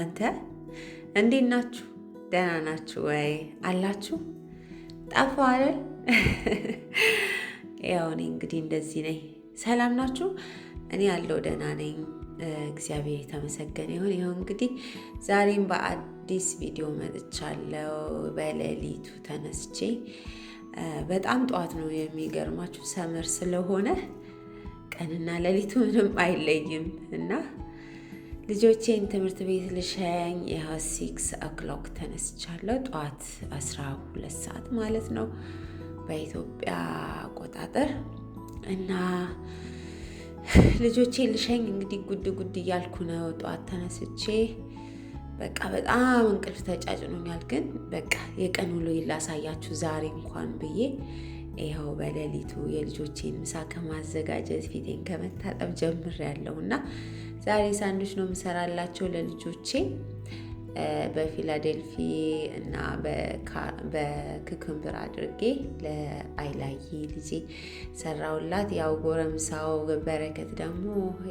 እናንተ እንዴት ናችሁ? ደህና ናችሁ ወይ? አላችሁ ጠፋ አይደል? ያው እኔ እንግዲህ እንደዚህ ነኝ። ሰላም ናችሁ? እኔ ያለው ደህና ነኝ፣ እግዚአብሔር የተመሰገነ ይሁን። ይኸው እንግዲህ ዛሬም በአዲስ ቪዲዮ መጥቻለሁ። በሌሊቱ ተነስቼ በጣም ጠዋት ነው የሚገርማችሁ፣ ሰመር ስለሆነ ቀንና ሌሊቱ ምንም አይለይም እና ልጆቼን ትምህርት ቤት ልሸኝ ይኸው ሲክስ ኦክሎክ ተነስቻለሁ። ጠዋት 12 ሰዓት ማለት ነው በኢትዮጵያ አቆጣጠር እና ልጆቼን ልሸኝ እንግዲህ ጉድ ጉድ እያልኩ ነው። ጠዋት ተነስቼ በቃ በጣም እንቅልፍ ተጫጭኖኛል። ግን በቃ የቀን ውሎ ላሳያችሁ ዛሬ እንኳን ብዬ ይኸው በሌሊቱ የልጆቼን ምሳ ከማዘጋጀት ፊቴን ከመታጠብ ጀምር ያለው እና ዛሬ ሳንዱች ነው የምሰራላቸው ለልጆቼ በፊላዴልፊ እና በክክምብር አድርጌ ለአይላይ ልጄ ሰራውላት። ያው ጎረምሳው በረከት ደግሞ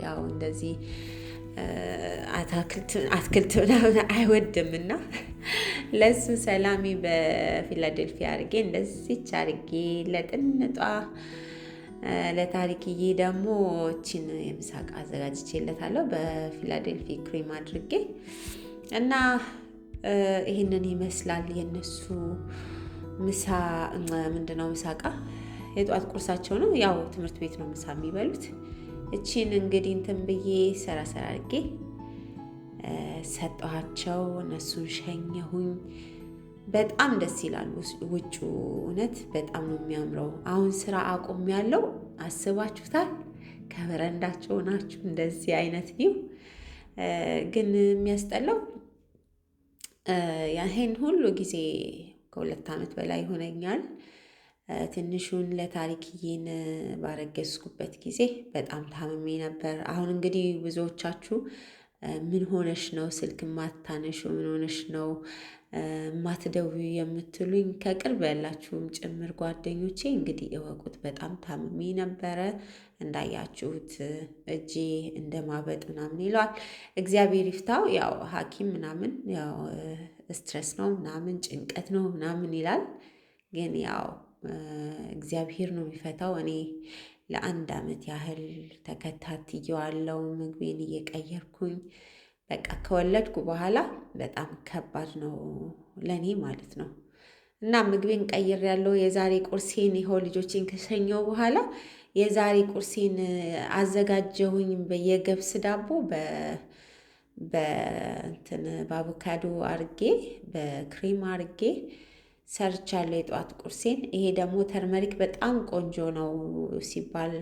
ያው እንደዚህ አትክልት ምናምን አይወድም እና ለሱ ሰላሚ በፊላዴልፊያ አርጌ እንደዚች አርጌ ለጥንጧ ለታሪክዬ ደግሞ እችን የምሳቅ አዘጋጅቼለታለሁ በፊላዴልፊ ክሪም አድርጌ እና ይህንን ይመስላል የነሱ ምሳ። ምንድነው ምሳቃ? የጠዋት ቁርሳቸው ነው። ያው ትምህርት ቤት ነው ምሳ የሚበሉት። እቺን እንግዲህ እንትን ብዬ ሰራሰራ አድርጌ ሰጠኋቸው። እነሱን ሸኘሁኝ። በጣም ደስ ይላል። ውጭ እውነት በጣም ነው የሚያምረው። አሁን ስራ አቁም ያለው አስባችሁታል። ከበረንዳቸው ናችሁ እንደዚህ አይነት ቪው ግን የሚያስጠላው ይህን ሁሉ ጊዜ ከሁለት ዓመት በላይ ይሆነኛል ትንሹን ለታሪክዬን ባረገዝኩበት ጊዜ በጣም ታምሜ ነበር። አሁን እንግዲህ ብዙዎቻችሁ ምን ሆነሽ ነው ስልክ ማታነሹ? ምን ሆነሽ ነው ማትደውዩ የምትሉኝ ከቅርብ ያላችሁም ጭምር ጓደኞቼ እንግዲህ እወቁት፣ በጣም ታምሜ ነበረ። እንዳያችሁት እጄ እንደ ማበጥ ምናምን ይለዋል። እግዚአብሔር ይፍታው። ያው ሐኪም ምናምን ያው ስትረስ ነው ምናምን ጭንቀት ነው ምናምን ይላል ግን ያው እግዚአብሔር ነው የሚፈታው። እኔ ለአንድ አመት ያህል ተከታትየዋለው ምግቤን እየቀየርኩኝ በቃ ከወለድኩ በኋላ በጣም ከባድ ነው ለእኔ ማለት ነው። እና ምግቤን ቀይር ያለው የዛሬ ቁርሴን ይኸው ልጆቼን ከሸኘው በኋላ የዛሬ ቁርሴን አዘጋጀሁኝ የገብስ ዳቦ በእንትን በአቮካዶ አርጌ በክሬም አርጌ ሰርቻለሁ የጠዋት ቁርሴን። ይሄ ደግሞ ተርመሪክ በጣም ቆንጆ ነው ሲባል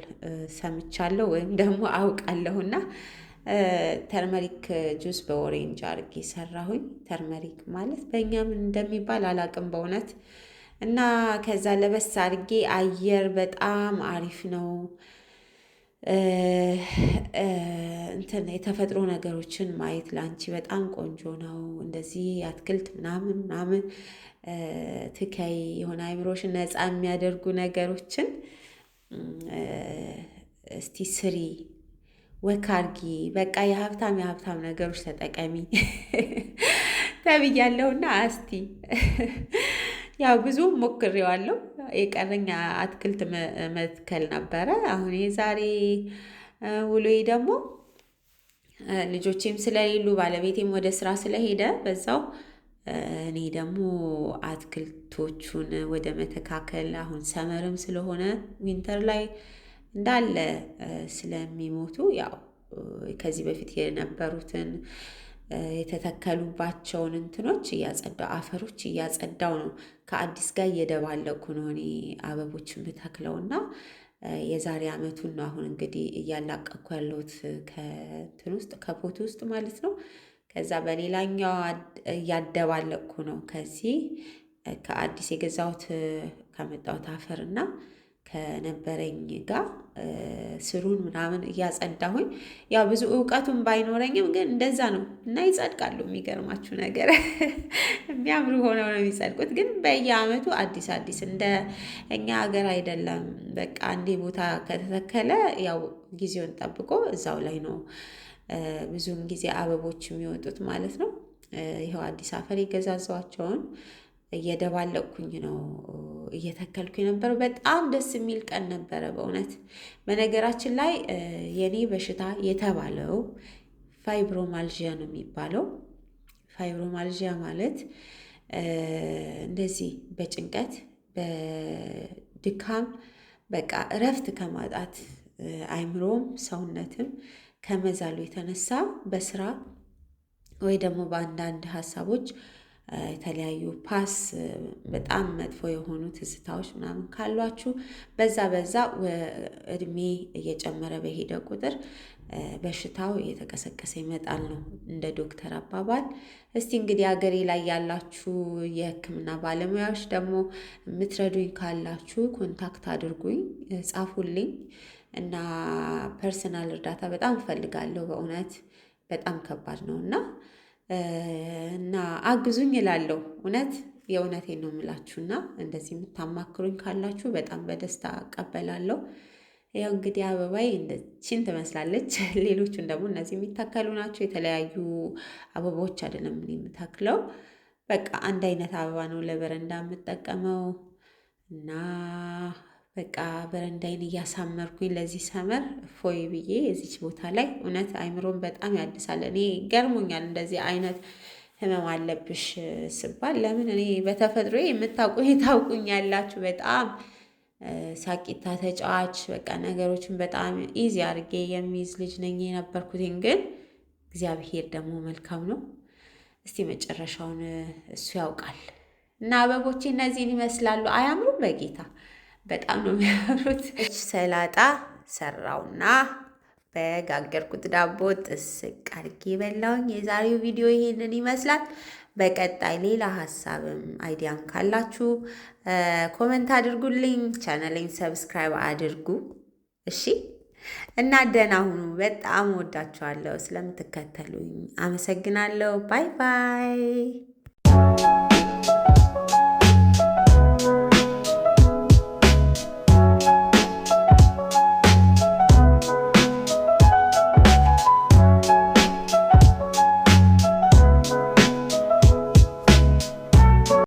ሰምቻለሁ ወይም ደግሞ አውቃለሁና ተርመሪክ ጁስ በኦሬንጅ አርግ ሰራሁኝ። ተርመሪክ ማለት በእኛም እንደሚባል አላቅም በእውነት እና ከዛ ለበስ አርጌ አየር በጣም አሪፍ ነው እንትን የተፈጥሮ ነገሮችን ማየት ላንቺ በጣም ቆንጆ ነው። እንደዚህ አትክልት ምናምን ምናምን ትከይ የሆነ አይምሮሽን ነፃ የሚያደርጉ ነገሮችን እስቲ ስሪ፣ ወክ አርጊ። በቃ የሀብታም የሀብታም ነገሮች ተጠቀሚ ተብያለሁና እስቲ ያው ብዙ ሞክሬዋለሁ። የቀረኛ አትክልት መትከል ነበረ። አሁን የዛሬ ውሎዬ ደግሞ ልጆቼም ስለሌሉ ባለቤቴም ወደ ስራ ስለሄደ በዛው እኔ ደግሞ አትክልቶቹን ወደ መተካከል አሁን ሰመርም ስለሆነ ዊንተር ላይ እንዳለ ስለሚሞቱ ያው ከዚህ በፊት የነበሩትን የተተከሉባቸውን እንትኖች እያጸዳው አፈሮች እያጸዳው ነው። ከአዲስ ጋር እየደባለኩ ነው እኔ አበቦች የምተክለውና የዛሬ አመቱን ነው አሁን እንግዲህ እያላቀኩ ያለሁት ከእንትን ውስጥ ከፖት ውስጥ ማለት ነው። ከዛ በሌላኛው እያደባለቅኩ ነው ከዚህ ከአዲስ የገዛሁት ከመጣሁት አፈር እና ከነበረኝ ጋር ስሩን ምናምን እያጸዳሁኝ ያው ብዙ እውቀቱን ባይኖረኝም ግን እንደዛ ነው እና ይጸድቃሉ። የሚገርማችሁ ነገር የሚያምሩ ሆነው ነው የሚጸድቁት። ግን በየአመቱ አዲስ አዲስ እንደ እኛ ሀገር አይደለም። በቃ አንዴ ቦታ ከተተከለ ያው ጊዜውን ጠብቆ እዛው ላይ ነው ብዙም ጊዜ አበቦች የሚወጡት ማለት ነው። ይኸው አዲስ አፈር የገዛዘዋቸውን እየደባለቅኩኝ ነው እየተከልኩ የነበረው። በጣም ደስ የሚል ቀን ነበረ በእውነት። በነገራችን ላይ የኔ በሽታ የተባለው ፋይብሮማልዥያ ነው የሚባለው። ፋይብሮማልዥያ ማለት እንደዚህ በጭንቀት በድካም በቃ እረፍት ከማጣት አይምሮም ሰውነትም ከመዛሉ የተነሳ በስራ ወይ ደግሞ በአንዳንድ ሀሳቦች የተለያዩ ፓስ በጣም መጥፎ የሆኑ ትዝታዎች ምናምን ካሏችሁ በዛ በዛ እድሜ እየጨመረ በሄደ ቁጥር በሽታው እየተቀሰቀሰ ይመጣል ነው እንደ ዶክተር አባባል። እስቲ እንግዲህ አገሬ ላይ ያላችሁ የሕክምና ባለሙያዎች ደግሞ የምትረዱኝ ካላችሁ ኮንታክት አድርጉኝ፣ ጻፉልኝ እና ፐርሰናል እርዳታ በጣም እፈልጋለሁ። በእውነት በጣም ከባድ ነው እና እና አግዙኝ እላለሁ። እውነት የእውነቴን ነው የምላችሁ። እና እንደዚህ የምታማክሩኝ ካላችሁ በጣም በደስታ እቀበላለሁ። ያው እንግዲህ አበባይ እንደችን ትመስላለች። ሌሎቹን ደግሞ እነዚህ የሚታከሉ ናቸው። የተለያዩ አበባዎች አይደለም የምታክለው። በቃ አንድ አይነት አበባ ነው ለበረንዳ የምጠቀመው እና በቃ በረንዳይን እያሳመርኩኝ ለዚህ ሰመር ፎይ ብዬ የዚች ቦታ ላይ እውነት አይምሮን በጣም ያድሳል። እኔ ገርሞኛል እንደዚህ አይነት ህመም አለብሽ ስባል ለምን እኔ በተፈጥሮ የምታውቁ የታውቁኝ ያላችሁ በጣም ሳቂታ ተጫዋች፣ በቃ ነገሮችን በጣም ኢዚ አድርጌ የሚይዝ ልጅ ነኝ የነበርኩትኝ። ግን እግዚአብሔር ደግሞ መልካም ነው። እስቲ መጨረሻውን እሱ ያውቃል። እና አበቦቼ እነዚህን ይመስላሉ። አያምሩም በጌታ በጣም ነው የሚያምሩት። ሰላጣ ሰራውና በጋገርኩት ዳቦ ጥስቅ አድርጌ በላውኝ። የዛሬው ቪዲዮ ይሄንን ይመስላል። በቀጣይ ሌላ ሀሳብም አይዲያም ካላችሁ ኮመንት አድርጉልኝ። ቻናሌን ሰብስክራይብ አድርጉ። እሺ እና ደህና ሁኑ። በጣም ወዳችኋለሁ። ስለምትከተሉኝ አመሰግናለሁ። ባይ ባይ